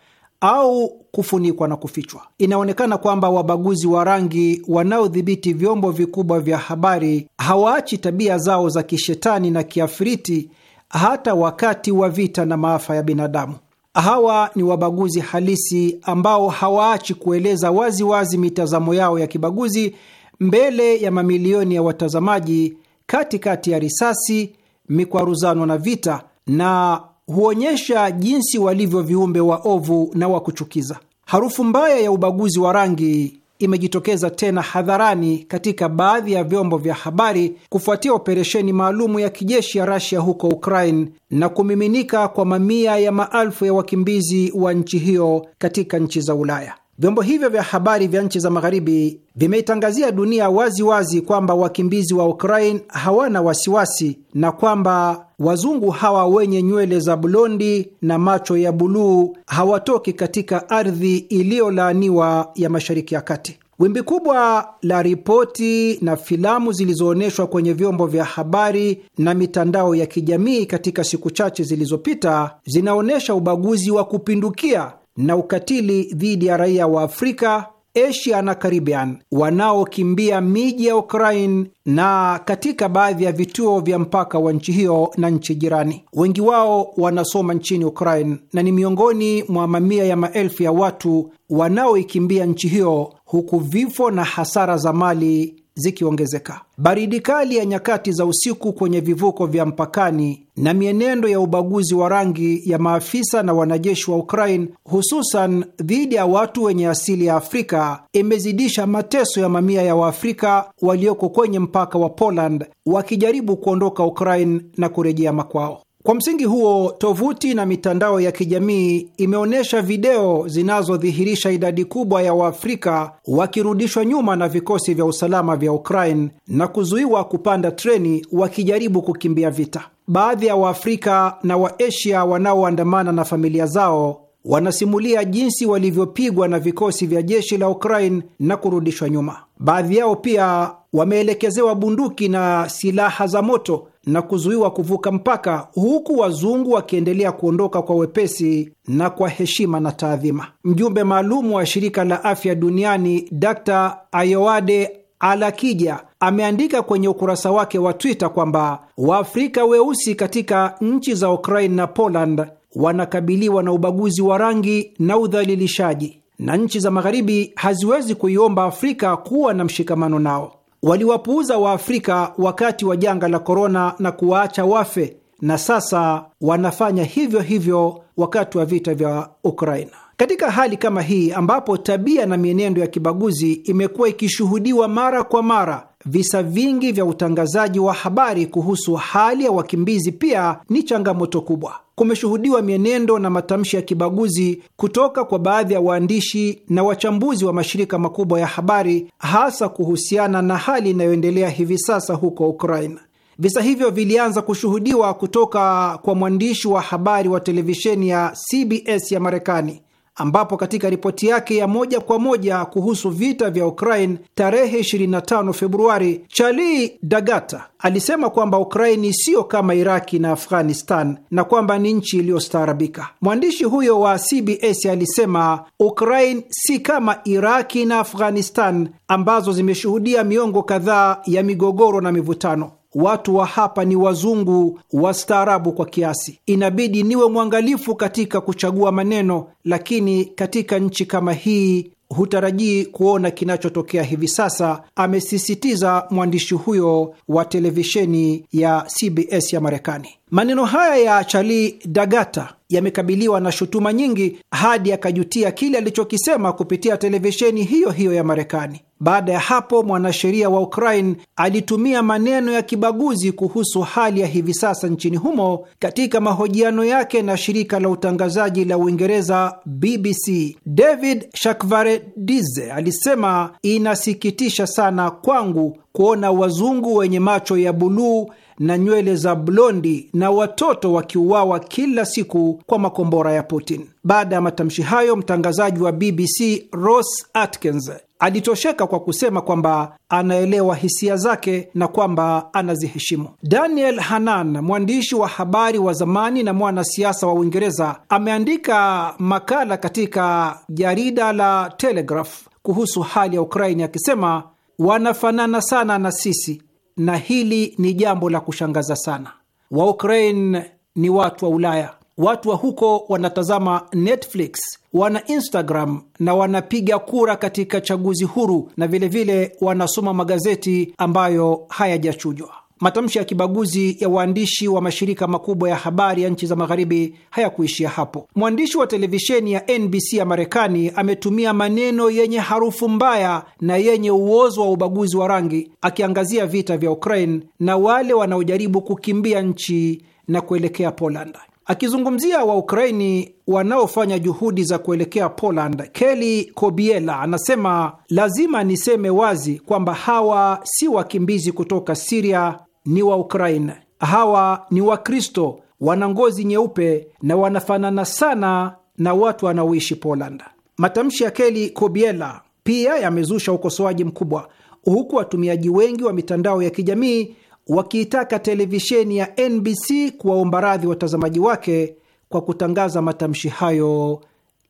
au kufunikwa na kufichwa. Inaonekana kwamba wabaguzi wa rangi wanaodhibiti vyombo vikubwa vya habari hawaachi tabia zao za kishetani na kiafriti hata wakati wa vita na maafa ya binadamu. Hawa ni wabaguzi halisi ambao hawaachi kueleza waziwazi wazi mitazamo yao ya kibaguzi mbele ya mamilioni ya watazamaji, katikati kati ya risasi, mikwaruzano na vita, na huonyesha jinsi walivyo viumbe waovu na wa kuchukiza. Harufu mbaya ya ubaguzi wa rangi imejitokeza tena hadharani katika baadhi ya vyombo vya habari kufuatia operesheni maalumu ya kijeshi ya Rasia huko Ukraine na kumiminika kwa mamia ya maelfu ya wakimbizi wa nchi hiyo katika nchi za Ulaya. Vyombo hivyo vya habari vya nchi za magharibi vimeitangazia dunia wazi wazi kwamba wakimbizi wa Ukraine hawana wasiwasi na kwamba wazungu hawa wenye nywele za blondi na macho ya buluu hawatoki katika ardhi iliyolaaniwa ya Mashariki ya Kati. Wimbi kubwa la ripoti na filamu zilizoonyeshwa kwenye vyombo vya habari na mitandao ya kijamii katika siku chache zilizopita zinaonyesha ubaguzi wa kupindukia na ukatili dhidi ya raia wa Afrika, Asia na Caribbean wanaokimbia miji ya Ukraine na katika baadhi ya vituo vya mpaka wa nchi hiyo na nchi jirani. Wengi wao wanasoma nchini Ukraine na ni miongoni mwa mamia ya maelfu ya watu wanaoikimbia nchi hiyo, huku vifo na hasara za mali zikiongezeka. Baridi kali ya nyakati za usiku kwenye vivuko vya mpakani na mienendo ya ubaguzi wa rangi ya maafisa na wanajeshi wa Ukraine, hususan dhidi ya watu wenye asili ya Afrika, imezidisha mateso ya mamia ya Waafrika walioko kwenye mpaka wa Poland wakijaribu kuondoka Ukraine na kurejea makwao. Kwa msingi huo, tovuti na mitandao ya kijamii imeonyesha video zinazodhihirisha idadi kubwa ya Waafrika wakirudishwa nyuma na vikosi vya usalama vya Ukraine na kuzuiwa kupanda treni wakijaribu kukimbia vita. Baadhi ya Waafrika na Waasia wanaoandamana na familia zao wanasimulia jinsi walivyopigwa na vikosi vya jeshi la Ukraine na kurudishwa nyuma. Baadhi yao pia wameelekezewa bunduki na silaha za moto na kuzuiwa kuvuka mpaka, huku wazungu wakiendelea kuondoka kwa wepesi na kwa heshima na taadhima. Mjumbe maalum wa shirika la afya duniani Dr. Ayoade Alakija ameandika kwenye ukurasa wake wa Twitter kwamba Waafrika weusi katika nchi za Ukraine na Poland wanakabiliwa na ubaguzi wa rangi na udhalilishaji, na nchi za Magharibi haziwezi kuiomba Afrika kuwa na mshikamano nao. Waliwapuuza Waafrika wakati wa janga la korona na kuwaacha wafe, na sasa wanafanya hivyo hivyo wakati wa vita vya Ukraina. Katika hali kama hii ambapo tabia na mienendo ya kibaguzi imekuwa ikishuhudiwa mara kwa mara visa vingi vya utangazaji wa habari kuhusu hali ya wakimbizi pia ni changamoto kubwa. Kumeshuhudiwa mienendo na matamshi ya kibaguzi kutoka kwa baadhi ya waandishi na wachambuzi wa mashirika makubwa ya habari, hasa kuhusiana na hali inayoendelea hivi sasa huko Ukraina. Visa hivyo vilianza kushuhudiwa kutoka kwa mwandishi wa habari wa televisheni ya CBS ya Marekani ambapo katika ripoti yake ya moja kwa moja kuhusu vita vya Ukraine tarehe 25 Februari, Charli Dagata alisema kwamba Ukraini siyo kama Iraki na Afghanistan na kwamba ni nchi iliyostaarabika. Mwandishi huyo wa CBS alisema Ukraine si kama Iraki na Afghanistan ambazo zimeshuhudia miongo kadhaa ya migogoro na mivutano watu wa hapa ni wazungu wastaarabu kwa kiasi. Inabidi niwe mwangalifu katika kuchagua maneno, lakini katika nchi kama hii hutarajii kuona kinachotokea hivi sasa, amesisitiza mwandishi huyo wa televisheni ya CBS ya Marekani. Maneno haya ya chali Dagata yamekabiliwa na shutuma nyingi hadi akajutia kile alichokisema kupitia televisheni hiyo hiyo ya Marekani. Baada ya hapo, mwanasheria wa Ukraine alitumia maneno ya kibaguzi kuhusu hali ya hivi sasa nchini humo katika mahojiano yake na shirika la utangazaji la Uingereza BBC. David Shakvaredize alisema, inasikitisha sana kwangu kuona wazungu wenye macho ya buluu na nywele za blondi na watoto wakiuawa kila siku kwa makombora ya Putin. Baada ya matamshi hayo, mtangazaji wa BBC Ross Atkins alitosheka kwa kusema kwamba anaelewa hisia zake na kwamba anaziheshimu. Daniel Hanan, mwandishi wa habari wa zamani na mwanasiasa wa Uingereza, ameandika makala katika jarida la Telegraph kuhusu hali ya Ukraini akisema, wanafanana sana na sisi na hili ni jambo la kushangaza sana. Waukraine ni watu wa Ulaya. Watu wa huko wanatazama Netflix, wana Instagram na wanapiga kura katika chaguzi huru, na vilevile vile wanasoma magazeti ambayo hayajachujwa. Matamshi ya kibaguzi ya waandishi wa mashirika makubwa ya habari ya nchi za magharibi hayakuishia hapo. Mwandishi wa televisheni ya NBC ya Marekani ametumia maneno yenye harufu mbaya na yenye uozo wa ubaguzi wa rangi akiangazia vita vya Ukraine na wale wanaojaribu kukimbia nchi na kuelekea Poland. Akizungumzia Waukraini wanaofanya juhudi za kuelekea Poland, Kelly Kobiela anasema lazima niseme wazi kwamba hawa si wakimbizi kutoka Siria ni wa Ukraine. Hawa ni Wakristo, wana ngozi nyeupe na wanafanana sana na watu wanaoishi Poland. Matamshi ya Keli Kobiela pia yamezusha ukosoaji mkubwa, huku watumiaji wengi wa mitandao ya kijamii wakiitaka televisheni ya NBC kuwaomba radhi watazamaji wake kwa kutangaza matamshi hayo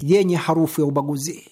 yenye harufu ya ubaguzi.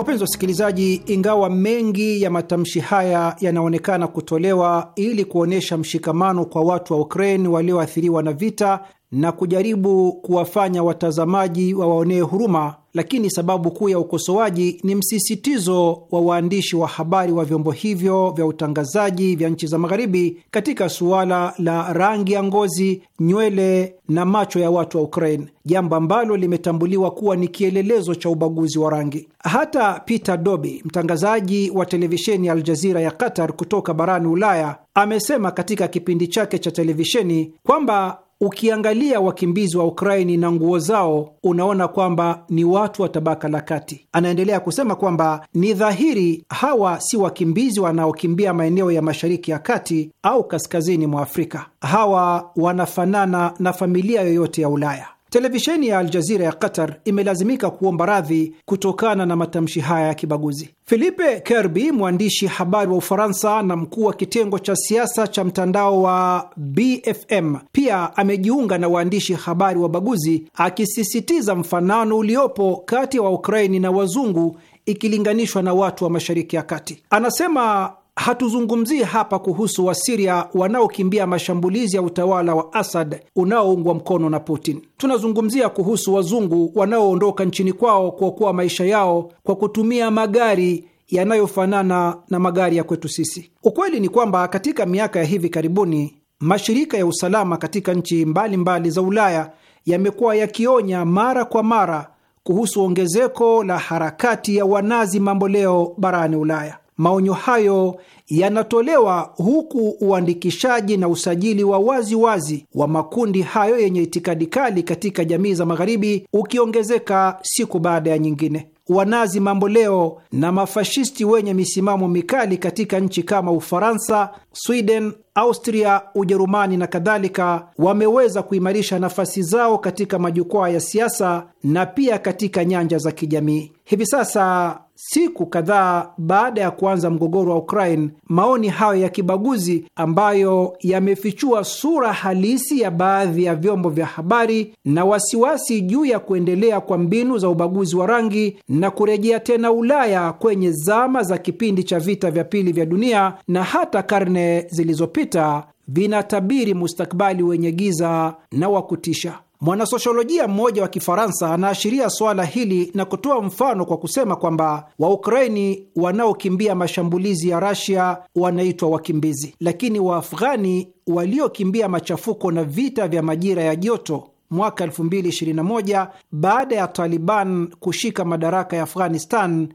Wapenzi wasikilizaji, ingawa mengi ya matamshi haya yanaonekana kutolewa ili kuonyesha mshikamano kwa watu wa Ukraine walioathiriwa na vita na kujaribu kuwafanya watazamaji wawaonee huruma, lakini sababu kuu ya ukosoaji ni msisitizo wa waandishi wa habari wa vyombo hivyo vya utangazaji vya nchi za Magharibi katika suala la rangi ya ngozi, nywele na macho ya watu wa Ukraine, jambo ambalo limetambuliwa kuwa ni kielelezo cha ubaguzi wa rangi. Hata Peter Dobi, mtangazaji wa televisheni ya Aljazira ya Qatar kutoka barani Ulaya, amesema katika kipindi chake cha televisheni kwamba Ukiangalia wakimbizi wa Ukraini na nguo zao unaona kwamba ni watu wa tabaka la kati. Anaendelea kusema kwamba ni dhahiri hawa si wakimbizi wanaokimbia maeneo ya Mashariki ya Kati au kaskazini mwa Afrika. Hawa wanafanana na familia yoyote ya Ulaya. Televisheni ya Aljazira ya Qatar imelazimika kuomba radhi kutokana na matamshi haya ya kibaguzi. Philippe Kerby, mwandishi habari wa Ufaransa na mkuu wa kitengo cha siasa cha mtandao wa BFM, pia amejiunga na waandishi habari wabaguzi, akisisitiza mfanano uliopo kati ya wa Waukraini na wazungu ikilinganishwa na watu wa Mashariki ya Kati. Anasema Hatuzungumzii hapa kuhusu Wasiria wanaokimbia mashambulizi ya utawala wa Asad unaoungwa mkono na Putin. Tunazungumzia kuhusu wazungu wanaoondoka nchini kwao kuokoa maisha yao kwa kutumia magari yanayofanana na magari ya kwetu sisi. Ukweli ni kwamba katika miaka ya hivi karibuni mashirika ya usalama katika nchi mbalimbali mbali za Ulaya yamekuwa yakionya mara kwa mara kuhusu ongezeko la harakati ya wanazi mamboleo barani Ulaya. Maonyo hayo yanatolewa huku uandikishaji na usajili wa wazi wazi wa makundi hayo yenye itikadi kali katika jamii za magharibi ukiongezeka siku baada ya nyingine. Wanazi mambo leo na mafashisti wenye misimamo mikali katika nchi kama Ufaransa, Sweden, Austria, Ujerumani na kadhalika wameweza kuimarisha nafasi zao katika majukwaa ya siasa na pia katika nyanja za kijamii. Hivi sasa Siku kadhaa baada ya kuanza mgogoro wa Ukraine, maoni hayo ya kibaguzi ambayo yamefichua sura halisi ya baadhi ya vyombo vya habari na wasiwasi juu ya kuendelea kwa mbinu za ubaguzi wa rangi na kurejea tena Ulaya kwenye zama za kipindi cha vita vya pili vya dunia na hata karne zilizopita vinatabiri mustakabali wenye giza na wa kutisha. Mwanasosiolojia mmoja wa Kifaransa anaashiria suala hili na kutoa mfano kwa kusema kwamba Waukraini wanaokimbia mashambulizi ya Rasia wanaitwa wakimbizi, lakini Waafghani waliokimbia machafuko na vita vya majira ya joto mwaka 2021 baada ya Taliban kushika madaraka ya Afghanistan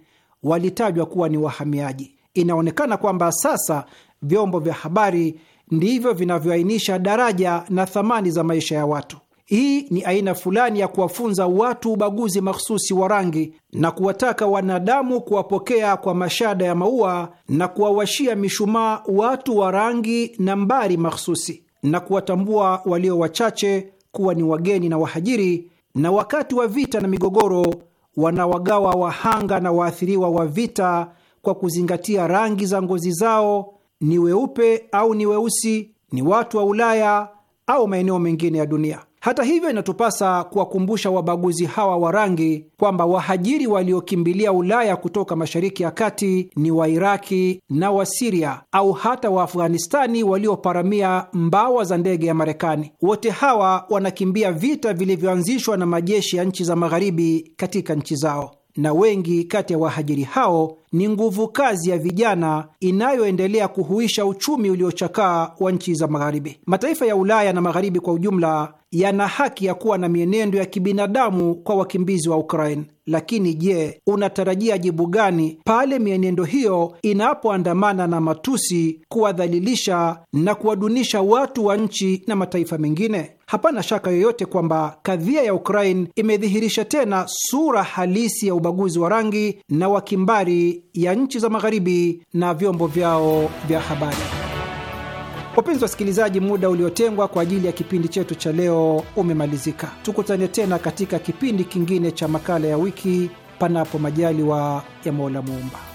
walitajwa kuwa ni wahamiaji. Inaonekana kwamba sasa vyombo vya habari ndivyo vinavyoainisha daraja na thamani za maisha ya watu. Hii ni aina fulani ya kuwafunza watu ubaguzi mahsusi wa rangi na kuwataka wanadamu kuwapokea kwa mashada ya maua na kuwawashia mishumaa watu wa rangi na mbari mahsusi na kuwatambua walio wachache kuwa ni wageni na wahajiri, na wakati wa vita na migogoro wanawagawa wahanga na waathiriwa wa vita kwa kuzingatia rangi za ngozi zao, ni weupe au ni weusi, ni watu wa Ulaya au maeneo mengine ya dunia. Hata hivyo, inatupasa kuwakumbusha wabaguzi hawa wa rangi kwamba wahajiri waliokimbilia Ulaya kutoka Mashariki ya Kati ni Wairaki na Wasiria au hata Waafghanistani walioparamia mbawa za ndege ya Marekani. Wote hawa wanakimbia vita vilivyoanzishwa na majeshi ya nchi za Magharibi katika nchi zao, na wengi kati ya wahajiri hao ni nguvu kazi ya vijana inayoendelea kuhuisha uchumi uliochakaa wa nchi za Magharibi. Mataifa ya Ulaya na Magharibi kwa ujumla yana haki ya kuwa na mienendo ya kibinadamu kwa wakimbizi wa Ukraine, lakini je, unatarajia jibu gani pale mienendo hiyo inapoandamana na matusi, kuwadhalilisha na kuwadunisha watu wa nchi na mataifa mengine? Hapana shaka yoyote kwamba kadhia ya Ukraine imedhihirisha tena sura halisi ya ubaguzi wa rangi na wakimbari ya nchi za magharibi na vyombo vyao vya habari. Wapenzi wasikilizaji, muda uliotengwa kwa ajili ya kipindi chetu cha leo umemalizika. Tukutane tena katika kipindi kingine cha makala ya wiki, panapo majaliwa ya Mola Muumba.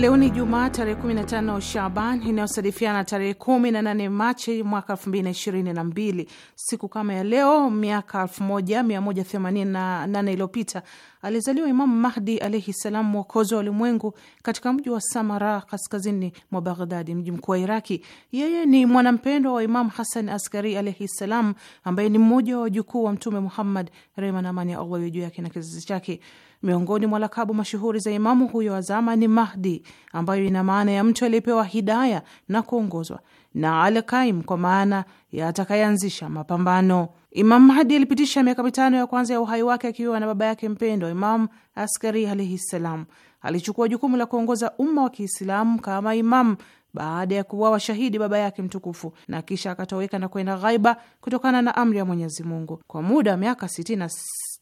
Leo ni Jumaa tarehe 15 Shaban inayosadifiana tarehe 18 Machi mwaka 2022. Siku kama ya leo miaka 1188 iliyopita alizaliwa Imamu Mahdi alaihi salam, mwokozi wa ulimwengu, katika mji wa Samara kaskazini mwa Baghdadi, mji mkuu wa Iraki. Yeye ni mwanampendwa wa Imamu Hasan Askari alaihi salam, ambaye ni mmoja wa wajukuu wa Mtume Muhammad, rehma na amani ya Allah juu yake na kizazi chake. Miongoni mwa lakabu mashuhuri za imamu huyo wa zama ni Mahdi, ambayo ina maana ya mtu aliyepewa hidaya na kuongozwa, na al kaim kwa maana ya atakayeanzisha mapambano. imam Mahdi alipitisha miaka mitano ya kwanza ya uhai wake akiwa na baba yake mpendwa Imamu Askari alaihi ssalam. Alichukua jukumu la kuongoza umma wa Kiislamu kama imamu baada ya kuuawa shahidi baba yake mtukufu, na kisha akatoweka na kwenda ghaiba kutokana na amri ya Mwenyezi Mungu kwa muda wa miaka sitini na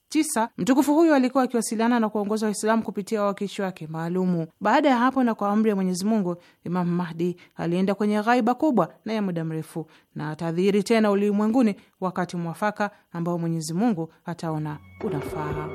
tisa, mtukufu huyo alikuwa akiwasiliana na kuongoza Waislamu kupitia wawakilishi wake maalumu. Baada ya hapo na kwa amri ya Mwenyezi Mungu, Imamu Mahdi alienda kwenye ghaiba kubwa na ya muda mrefu, na atadhihiri tena ulimwenguni wakati mwafaka ambao Mwenyezi Mungu ataona unafaa.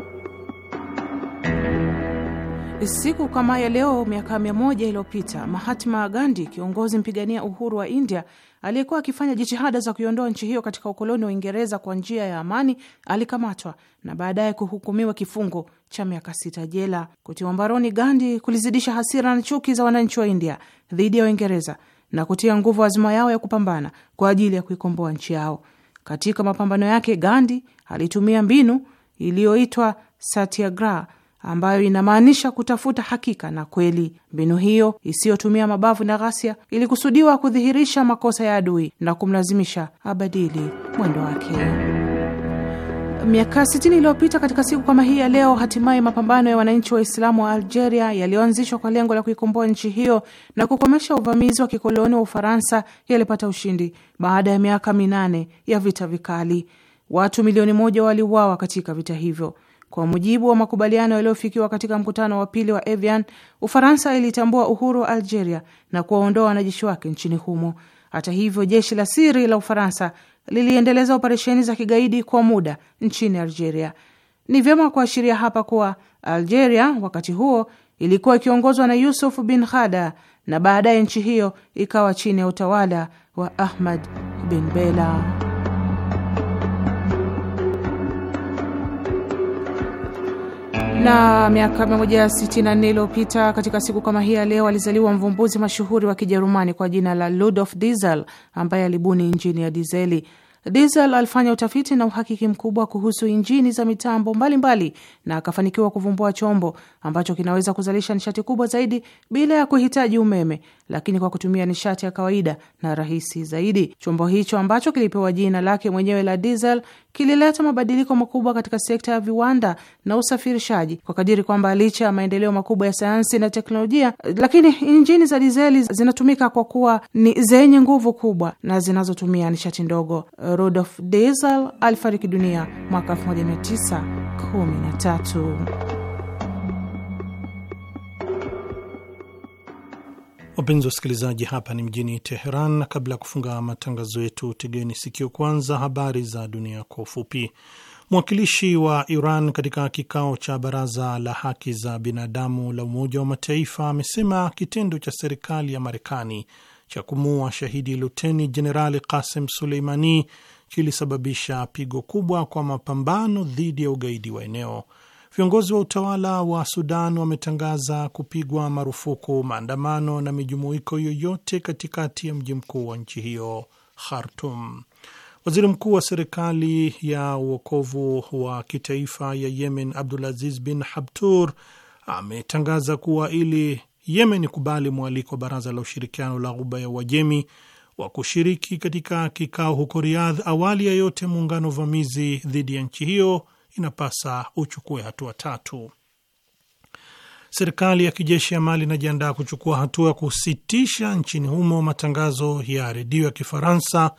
Siku kama ya leo miaka mia moja iliyopita Mahatma Gandhi, kiongozi mpigania uhuru wa India, aliyekuwa akifanya jitihada za kuiondoa nchi hiyo katika ukoloni wa Uingereza kwa njia ya amani alikamatwa na baadaye kuhukumiwa kifungo cha miaka sita jela. Kutiwa mbaroni Gandhi kulizidisha hasira na chuki za wananchi wa India dhidi ya Uingereza na kutia nguvu azima yao ya kupambana kwa ajili ya kuikomboa nchi yao. Katika mapambano yake, Gandhi alitumia mbinu iliyoitwa satyagraha ambayo inamaanisha kutafuta hakika na kweli. Mbinu hiyo isiyotumia mabavu na ghasia ilikusudiwa kudhihirisha makosa ya adui na kumlazimisha abadili mwendo wake. Miaka 60 iliyopita katika siku kama hii ya leo, hatimaye mapambano ya wananchi Waislamu wa Algeria yaliyoanzishwa kwa lengo la kuikomboa nchi hiyo na kukomesha uvamizi wa kikoloni wa Ufaransa yalipata ushindi baada ya miaka minane ya vita vikali. Watu milioni moja waliuawa katika vita hivyo. Kwa mujibu wa makubaliano yaliyofikiwa katika mkutano wa pili wa Evian, Ufaransa ilitambua uhuru wa Algeria na kuwaondoa wanajeshi wake nchini humo. Hata hivyo, jeshi la siri la Ufaransa liliendeleza operesheni za kigaidi kwa muda nchini Algeria. Ni vyema kuashiria hapa kuwa Algeria wakati huo ilikuwa ikiongozwa na Yusuf bin Khada na baadaye nchi hiyo ikawa chini ya utawala wa Ahmad bin Bela. na miaka 164 iliyopita katika siku kama hii ya leo alizaliwa mvumbuzi mashuhuri wa Kijerumani kwa jina la Ludolf Diesel ambaye alibuni injini ya dizeli. Diesel alifanya utafiti na uhakiki mkubwa kuhusu injini za mitambo mbalimbali mbali, na akafanikiwa kuvumbua chombo ambacho kinaweza kuzalisha nishati kubwa zaidi bila ya kuhitaji umeme, lakini kwa kutumia nishati ya kawaida na rahisi zaidi. Chombo hicho ambacho kilipewa jina lake mwenyewe la diesel kilileta mabadiliko makubwa katika sekta ya viwanda na usafirishaji kwa kadiri kwamba licha ya maendeleo makubwa ya sayansi na teknolojia, lakini injini za dizeli zinatumika kwa kuwa ni zenye nguvu kubwa na zinazotumia nishati ndogo. Rudolf Diesel alifariki dunia mwaka 1913. Wapenzi wa wasikilizaji, hapa ni mjini Teheran, na kabla ya kufunga matangazo yetu, tegeni sikio kwanza habari za dunia kwa ufupi. Mwakilishi wa Iran katika kikao cha Baraza la Haki za Binadamu la Umoja wa Mataifa amesema kitendo cha serikali ya Marekani cha kumuua shahidi Luteni Jenerali Qasim Suleimani kilisababisha pigo kubwa kwa mapambano dhidi ya ugaidi wa eneo. Viongozi wa utawala wa Sudan wametangaza kupigwa marufuku maandamano na mijumuiko yoyote katikati ya mji mkuu wa nchi hiyo Khartum. Waziri mkuu wa serikali ya uokovu wa kitaifa ya Yemen, Abdulaziz bin Habtur, ametangaza kuwa ili Yemen ikubali mwaliko wa baraza la ushirikiano la Ghuba ya Uajemi wa kushiriki katika kikao huko Riyadh, awali ya yote muungano vamizi dhidi ya nchi hiyo inapasa uchukue hatua tatu. Serikali ya kijeshi ya Mali inajiandaa kuchukua hatua ya kusitisha nchini humo matangazo ya redio ya Kifaransa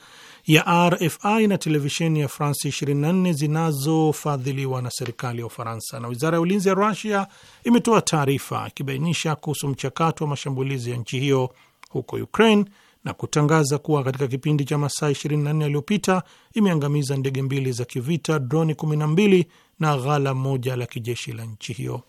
ya RFI na televisheni ya France 24 zinazofadhiliwa na serikali ya Ufaransa. Na wizara ya ulinzi ya Rusia imetoa taarifa ikibainisha kuhusu mchakato wa mashambulizi ya nchi hiyo huko Ukraine na kutangaza kuwa katika kipindi cha masaa 24 yaliyopita imeangamiza ndege mbili za kivita, droni 12 na ghala moja la kijeshi la nchi hiyo.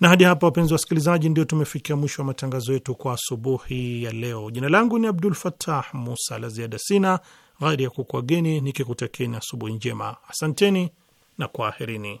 Na hadi hapa, wapenzi wasikilizaji, ndio tumefikia mwisho wa matangazo yetu kwa asubuhi ya leo. Jina langu ni Abdul fatah Musa. La ziada sina ghairi ya kukwageni nikikutakeni asubuhi njema. Asanteni na kwaherini.